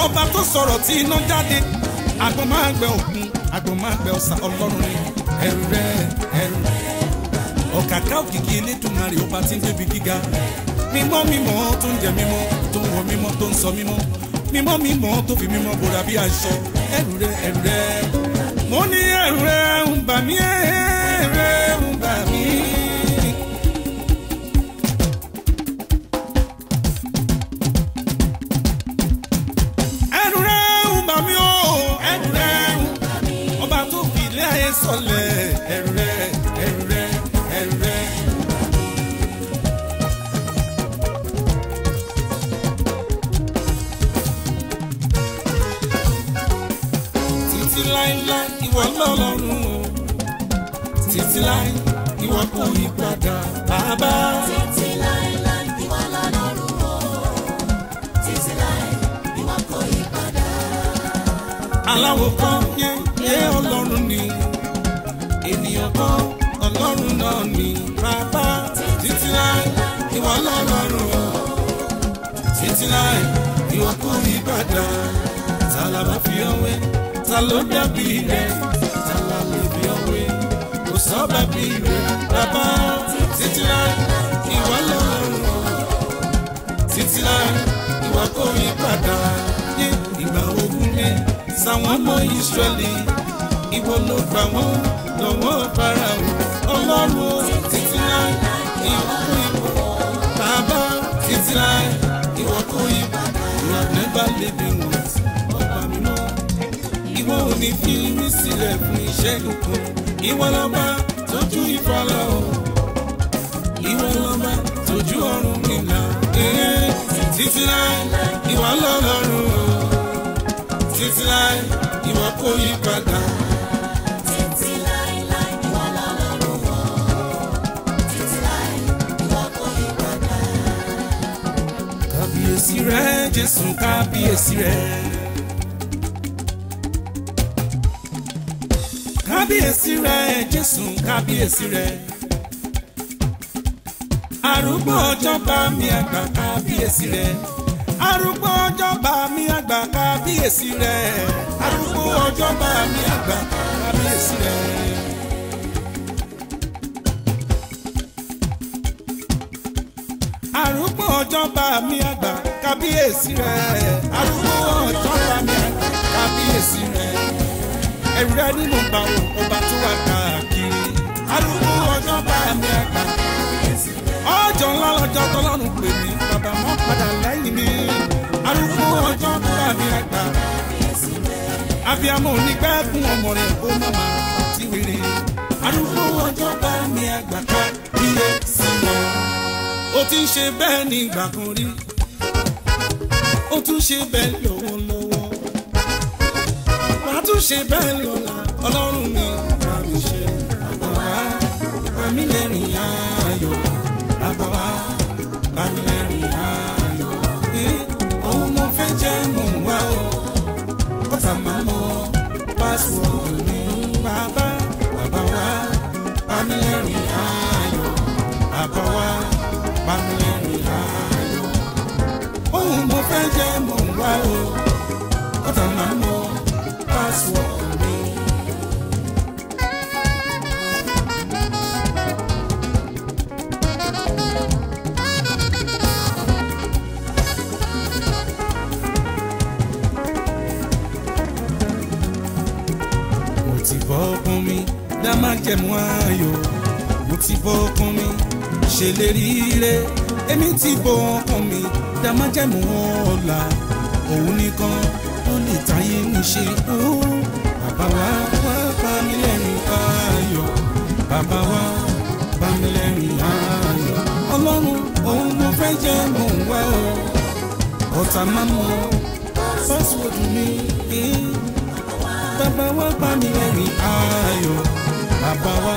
ọba tó sọ̀rọ̀ tí iná jáde àgbọn máa gbẹ òkun àgbọn máa gbẹ ọ̀sà ọlọ́run ni ẹrù rẹ ẹrù rẹ ọ̀kàkà òkìkí elétùmarè ọba tí ń débi gíga mímọ́ mímọ́ tó ń jẹ mímọ́ tó ń wọ mímọ́ tó ń sọ mímọ́ mímọ́ mímọ́ tó fi mímọ́ bora bí aṣọ ẹrù rẹ ẹrù rẹ mo ní ẹrù rẹ ń bà mí ẹrù rẹ ń títí láíláí ìwọ lọ́lọ́run o títí láí ìwọ kò yí padà bàbá. títí láíláí ìwọ lọ́lọ́run o títí láí ìwọ kò yí padà. aláwọ̀ kan yé yé ọlọ́run ni ènìyàn kan ọlọ́run náà ni bàbá títí láí ìwọ lọ́lọ́run o títí láí ìwọ kò yí padà. Salama fi ọwẹ́ ta ló dàbí rẹ̀ tàlà lè bí ọ̀rẹ́ kò sọ́ba bí rẹ̀ bàbá títí láì ìwà lọ́rùn títí láì ìwà kò rí padà ní ìgbà ogun ní sàwọn ọmọ Ísírẹ́lì ìwọ ló gbà wọ́n lọ́wọ́ Fáráò ọlọ́run títí láì ìwà kò rí padà bàbá títí láì. ní fi mí sílẹ̀ fún ìṣẹ́gun kan ìwọ lọ́ba tójú ìfọlọ́ o ìwọ lọ́ba tójú ọ̀run mi là títí láì ìwọ lọ́lọ́run títí láì ìwọ kò yí padà. Kábíyèsí rẹ Jésù kábíyèsí rẹ. kábíyèsí rẹ jésù kábíyèsí rẹ arúgbó ọjọ́ mi àgbà kábíyèsí rẹ arúgbó ọjọ́ mi àgbà kábíyèsí rẹ arúgbó ọjọ́ mi àgbà kábíyèsí rẹ. arúgbó ọjọ́ mi àgbà kábíyèsí rẹ arúgbó ọjọ́ mi àgbà kábíyèsí rẹ ẹ̀rẹ́ ni mo gbà wọ́n ọba tó wà káàkiri. arúgbó ọjọ́ bá mi àgbà. ọjọ́ ńlá lọ́jọ́ tọ́lọ́run pè mí bàbá mọ́ padà lẹ́yìn mi. arúgbó ọjọ́ bá mi àgbà. abiyamọ onígbẹ́ fún ọmọ rẹ̀ ó má má ti wèrè. arúgbó ọjọ́ bá mi àgbà ká iye sí wọn. ó ti ń ṣe bẹ́ẹ̀ ní ìgbà kan rí. ó tún ṣe bẹ́ẹ̀ lọ́wọ́lọ́wọ́ tún ṣe bẹ́ẹ̀ lọ́la ọlọ́run mi bá mi ṣe bàbá wa bá mi lẹ́rìn ayọ̀ bàbá wa lẹ́rìn ayọ̀ òun mo fẹ́ jẹ́ mò ń wá o bọ́tà máa mọ pásítọ̀ mi bàbá bàbá wa bá mi lẹ́rìn ayọ̀ bàbá wa bá mi lẹ́rìn ayọ̀ òun mo fẹ́ jẹ́ mò ń wá o. májẹ̀mú ayọ̀ mo ti bọ́ ọkàn mi ṣèlérí rẹ̀ èmi ti bọ́ ọkàn mi dá májẹ̀mú ọ̀la òun nìkan ló lè táyé mi ṣe ó bàbá wa wá bá mi lẹ́rìn ayọ̀ bàbá wa bá mi lẹ́rìn ayọ̀ ọlọ́run òun mo fẹ́ jẹ́ mò ń wá ọ ọ̀tá má mọ̀ fásitì mi bàbá wa bá mi lẹ́rìn ayọ̀ bàbá wa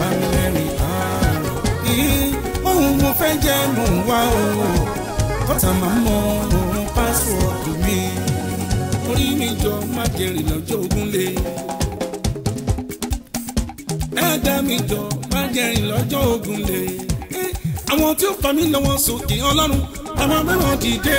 bámilẹ́rìn àárọ̀ yìí ohun mo fẹ́ jẹ́ mò ń wá o kọ́tà máa mọ òun pásíwọ̀dù mi orí mi jọ má jẹrìn lọ́jọ́ ogun lé ẹ̀ẹ́dá mi jọ má jẹrìn lọ́jọ́ ogun lé àwọn tí ó pa mí lọ́wọ́ sókè ọlọ́run àwọn mẹ́wọ̀n dìde.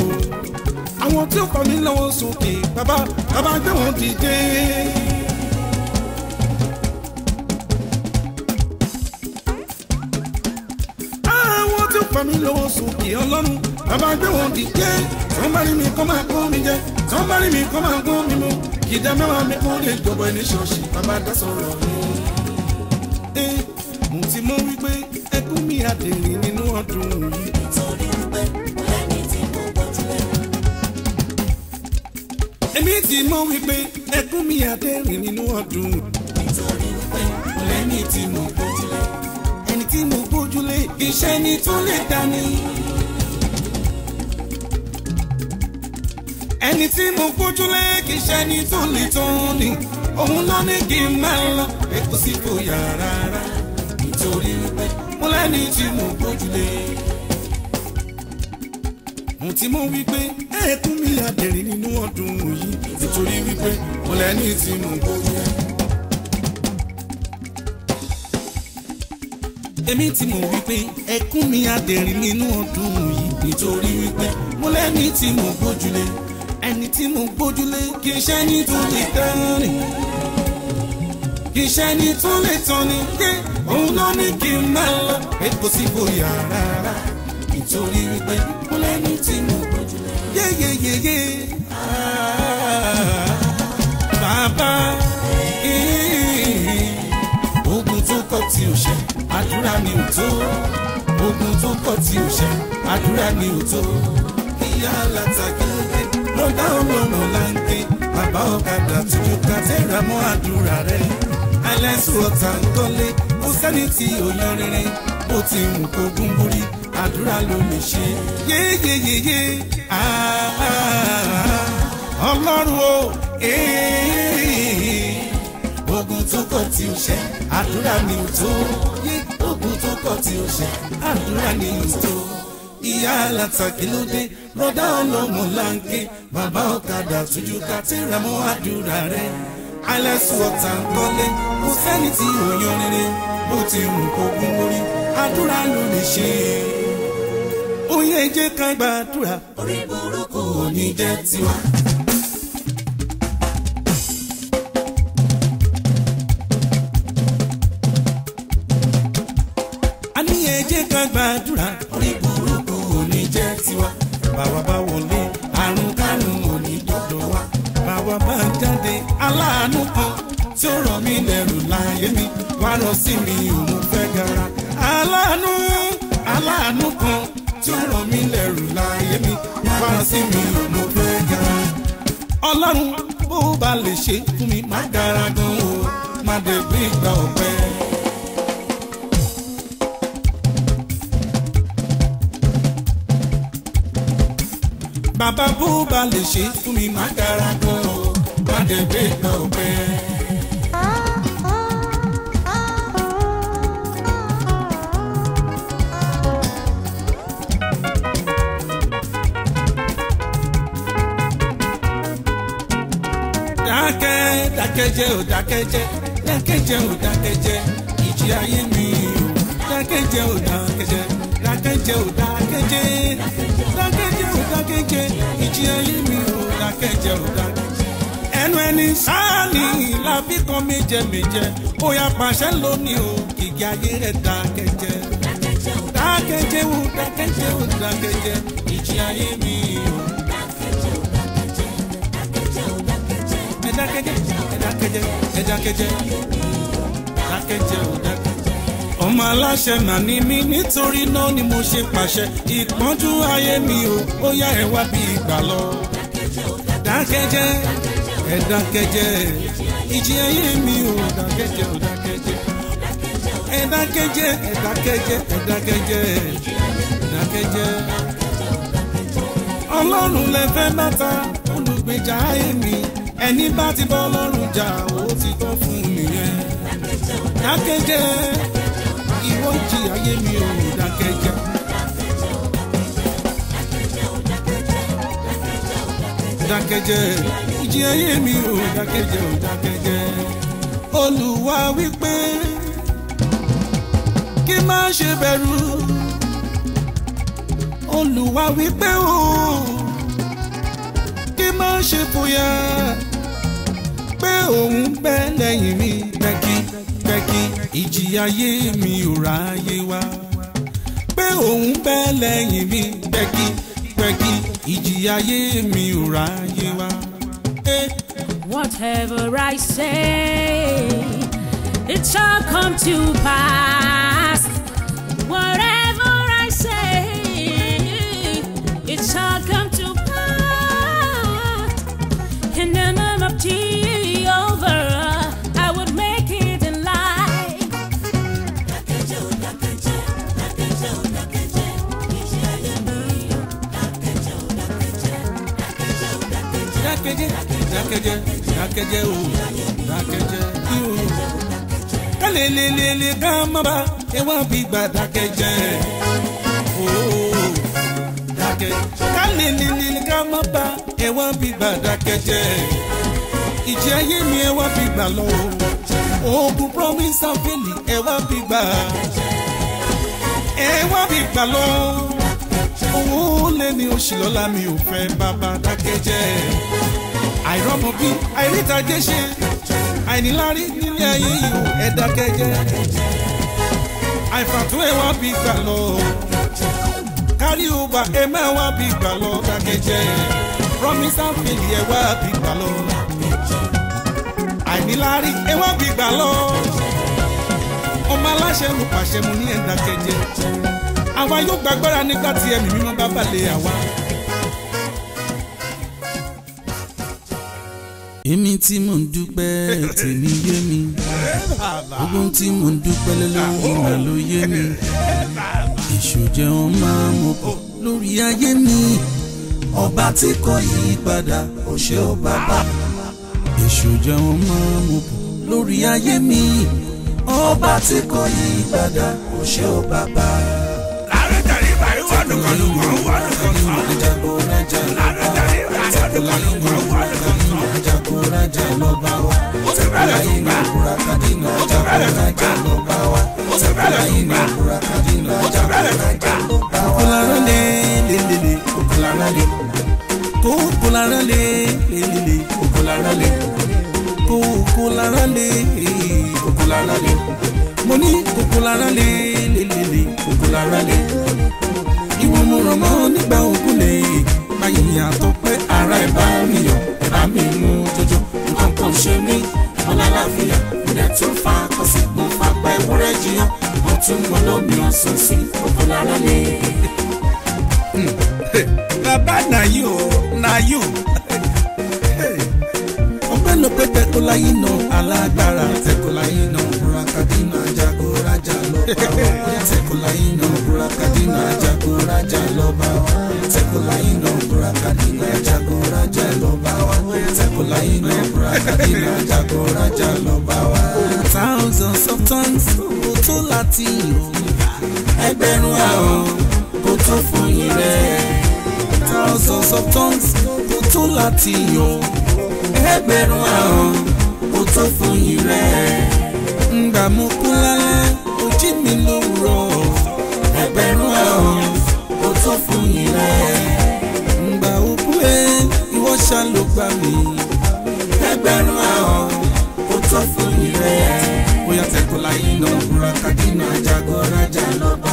àwọn tí ó kọ́ mi lọ́wọ́ sókè bàbá bàbá gbé wọn dìde. àwọn tí ó kọ́ mi lọ́wọ́ sókè ọlọ́run bàbá gbé wọn dìde. sọ́nbàrí mi kọ́ máa kọ́ mi jẹ sọ́nbàrí mi kọ́ máa kọ́ mi mu kìdá mẹ́wàá mi kọ́ lè jọ̀bọ̀ ẹni ṣọ́ọ̀ṣì bàbá dá sọ̀rọ̀ mi. ẹ eh, mo ti mọ wípé ẹkún mi àdèrè nínú ọdún yìí. èmi ti mọ̀ wípé ẹkún mi àtẹ̀rìn nínú ọdún. nítorí wípé lẹ́ni tí mo gbójúlé ẹni tí mo gbójúlé iṣẹ́ ni tó lè dání. ẹni tí mo gbójúlé kì í ṣẹni tó lè tó ni òun ló ní kí n máa lọ èkó sí fòyà rárá nítorí wípé mo lẹ́ni tí mo gbójúlé. ohun tí mo wí ẹkún mi àdẹ̀rín nínú ọdún yìí nítorí wípé mo lẹ́ni tí mo borí ẹ. èmi tí mo wípé ẹkún mi àdẹ̀rín nínú ọdún yìí nítorí wípé mo lẹ́ni tí mo gbójúlé ẹni tí mo gbójúlé kì í ṣe nítorí tẹ́rìn kì í ṣe ní tó lè tán ni pé òun ló ní kí n máa lọ èkó sí bóyá rárá nítorí wípé mo lẹ́ni tí mo gbójúlé yeyeye bàbá eh, ogun tó kọ̀ tí ò ṣẹ àdúrà mi ò tó ogun tó kọ̀ tí ò ṣẹ àdúrà mi ò tó ìyá alátakẹ́lẹ́ ló dá ọlọ́nà láńké bàbá ọ̀kadà tuntun kàtẹ́rà mọ́ àdúrà rẹ̀ alẹ́sùn ọ̀tá ń kọ́lé kò sẹ́ni tí ò yan rere bó ti ń kó gúnbúrí àdúrà ló lè ṣe yéyéyéyé àá. Ah ọlọ́run o ogun tó kọ̀ tí o ṣe àdúrà ni o tó ogun tó kọ̀ tí o ṣe àdúrà ni o tó ìyá alátakì ló dé lọ́dá ọlọ́mọ láńké bàbá ọ̀kadà tójú ká tẹ́ra mọ́ àdúrà rẹ̀ alẹ́sùn ọ̀tá ń kọ́lé kò sẹ́ni tí ò yan rere bó ti rùn kó gún orí àdúrà ló lè ṣe é ó yẹ jẹ́ ká gbàdúrà orí burúkú ò ní jẹ́ tiwa. kan gbàdúrà. orí burúkú ò ní jẹ́ tiwa. báwa bá wọlé àrùn kánú ò ní wa. báwa bá jáde aláàánú kan tí ó rọ̀ mí lẹ́rù láyé mi wá lọ sí mi ò mú fẹ́ gara. aláàánú aláàánú kan tí ó rọ̀ mí lẹ́rù láyé mi wá lọ sí mi ò mú fẹ́ gara. ọlọ́run bó bá lè ṣe fún mi má gara gan o má dẹ̀ gbé ìgbà ọ̀pẹ. bàbá bó ba lè ṣe fún mi má dára gan o má dẹ̀ gbé gbà ọ̀pẹ́. dákẹ́ dákẹ́jẹ́ ò dákẹ́jẹ́ dákẹ́jẹ́ ò dákẹ́jẹ́ ìjì ayé mi ò dákẹ́jẹ́ ò dákẹ́jẹ́ dákẹ́jẹ́ ò dákẹ́jẹ́ dákẹ́jẹ́ ò dákẹ́jẹ́ ìjì ayé mi ò dákẹ́jẹ́ ò dákẹ́jẹ́. ẹnu ẹni sáàlì láfi kan méje méje ó yá pàṣẹ lónìí o kìkì ayé rẹ̀ dákẹ́jẹ́. dákẹ́jẹ́ ò dákẹ́jẹ́ ò dákẹ́jẹ́ ìjì ayé mi ò dákẹ́jẹ́ ò dákẹ́jẹ́ dákẹ́jẹ́ ò dákẹ́jẹ́ ẹ dákẹ́jẹ́ ẹ dákẹ́jẹ́ ẹ dákẹ́jẹ́ dákẹ́jẹ́ ò dákẹ́jẹ́ ọmọ aláṣẹ mà ní mí nítorí náà ni mo ṣe pàṣẹ ìpọ́njú ayé mi o ó yá ẹ wá bí ìgbà lọ. dákẹ́jẹ́ ẹ dákẹ́jẹ́ ìjì ayé mi o dákẹ́jẹ́ o dákẹ́jẹ́ ẹ dákẹ́jẹ́ ẹ dákẹ́jẹ́ ẹ dákẹ́jẹ́ dákẹ́jẹ́ ọlọ́run lẹ fẹ́ bàtà olùgbèjà ayé mi ẹni bá ti bọ́ ọlọ́run jà ó ti tọ́ fún mi yẹn dákẹ́jẹ́ ayé mi ò dákẹ́jẹ́. dákẹ́jẹ́ ìjì ayé mi ò dákẹ́jẹ́ ò dákẹ́jẹ́. Olúwa wípé kí má ṣe bẹ̀rù. Olúwa wípé o kí má ṣe fòyà pé òun bẹ́ lẹ́yìn mi pẹ́kí ìjì ayé mi ò ráyé wá pé òun bẹ́ lẹ́yìn mi pẹ́kí pẹ́kí ìjì ayé mi ò ráyé wá. Whatever I say, it shall come to pass. Whatever dákẹ́jẹ́ dákẹ́jẹ́ o dákẹ́jẹ́ o. kálẹ̀lẹ̀lẹ̀ ká má bá ẹ wá bí gbà dákẹ́jẹ́ o dákẹ́. kálẹ̀lẹ̀lẹ̀ ká má ba, ewa wá bí gbà dákẹ́jẹ́ ìjẹ́ ayé mi ewa wá bí gbà lọ o oògùn promise and failure ẹ wá bí gbà ẹ wá bí gbà lọ owó lẹ́ni oṣù lọ́la mi ò fẹ́ bàbá dákẹ́jẹ́ àìrọ́mọ bí àìrítajé ṣe àìníláárí nílé ayé yìí ẹ̀dá kẹjẹ àìfàtú ẹwà bí gbà lọ kárí ọba ẹmẹ́wà bí gbà lọ dákẹjẹ rọmísà fìlì ẹwà bí gbà lọ àìníláárí ẹwà bí gbà lọ ọmọ aláṣẹ ń pàṣẹ mu ní ẹ̀dá kẹjẹ àwa yóò gbàgbára nígbà tí ẹ̀mí mímọ́ bá balẹ̀ àwa. èmi tí mò ń dúpẹ́ tèmi yé mi ogun tí mò ń dúpẹ́ lórí mà ló yé mi èṣù jẹun máa mọ̀ pọ̀ lórí ayé mi ọba tí kò yí padà ó ṣe ó bàbá èṣù jẹun máa mọ̀ pọ̀ lórí ayé mi ọba tí kò yí padà ó ṣe ó bàbá lukanu wa wa lukanu ajagun naja lárẹ́tàrí rárá lukanu wa wa lukanu ajagun naja lọ́ba wa ó ti bẹ̀rẹ̀ àwọn mo ràn mọ́ nígbà ogun lè báyìí yàtọ̀ pé ara ẹ̀ bá mi yọ̀ ẹ̀ bá mi mú jọjọ nǹkan kan ṣe mí ọ̀la láfíà ìdẹ̀ tó fa kọ́sí mo fa pa ewúrẹ́ jiyàn mo tún wọn lómi ọ̀sán sí òkú lára hmm. bàbá na you na you no pé tẹkọlá nà alágbára. tẹkọlá yìí nà jago raja lọ́ba wa. tẹkọlá yìí nà jago raja lọ́ba wa. tẹkọlá yìí nà jago raja lọ́ba wa. tẹkọlá yìí nà jago raja lọ́ba wa. thousands of tons kò tó láti ìròyìn ẹgbẹ̀rún àwọn kò tó fún yín rẹ̀ thousands of tons kò tó láti yọ̀ ẹgbẹ̀rún àrùn ó tó fún yín rẹ̀. ǹgbà mo kú lálẹ́ ojú mi ló rọ̀ ẹgbẹ̀rún àrùn ó tó fún yín rẹ̀. ǹgbà ó kú ẹ ìwọ ṣá ló gbà mí. ẹgbẹ̀rún àrùn ó tó fún yín bóyá tẹ̀kọ́ náà búra kákínà àjàgọ́ rájà lọ́ba.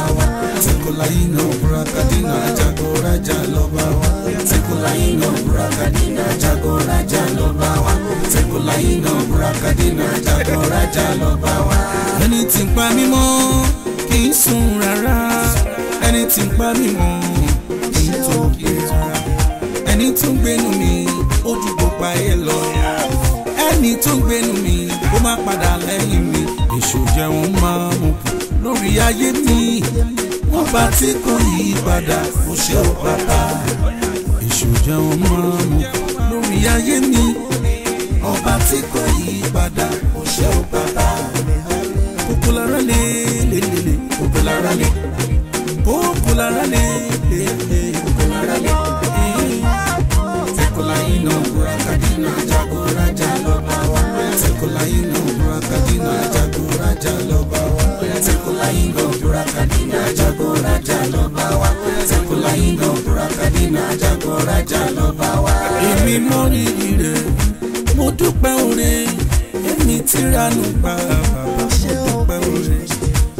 Tikulaina Burakadina Jagoraja lọ́ba wa. Tikulaina Burakadina Jagoraja lọ́ba wa. Tikulaina Burakadina Jagoraja lọ́ba wa. Ẹni tí ń pa mí mọ́ kì í sùn rárá. Ẹni tí ń pa mí mọ́ kì í tó kì í tura. Ẹni tó ń gbénu mi ó ju gbogbo ayé lọ. Ẹni tó ń gbénu mi ó má padà lẹ́yìn mi. Èṣù jẹun máa mú lórí ayé mi ọba tí kò yí padà kò ṣe ó bàbá. ìṣòjà ọmọ àmọ́ lórí ayé mi ọba tí kò yí padà kò ṣe ó bàbá. kókó lára lé lélele kókó lára lé kókó lára lé lélele kókó lára lé. Tekula ino burakadina jago raja loba wa. Tekula ino burakadina jago raja loba wa. Sekula ingo duraka dina jagora jalo bawa Sekula ingo duraka dina jagora jalo bawa Èmi mo ire, mo dúpẹ́ oore, èmi pa bàbá mo dúpẹ́ oore.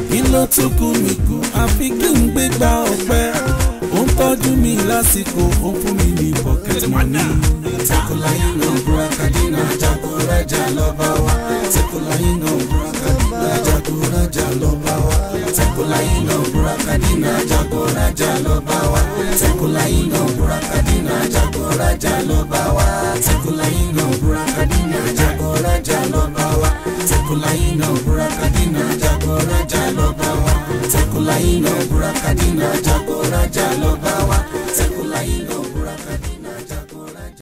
Kí ló tún mi kú, àfi kí n gbégbá ọpẹ́ tọ́jú mi lásìkò ó fún mi ní pocket money. tẹkùláyé náà búra kàdínà jagorajà lọ́ba wa. tẹkùláyé náà búra kàdínà jagorajà lọ́ba wa. tẹkùláyé náà búra kàdínà jagorajà lọ́ba wa. tẹkùláyé náà búra kàdínà jagorajà lọ́ba wa. tẹkùláyé náà búra kàdínà jagorajà lọ́ba wa. tẹkùláyé náà búra kàdínà. Tekula ino burakadina jabora jalobawa Tekula ino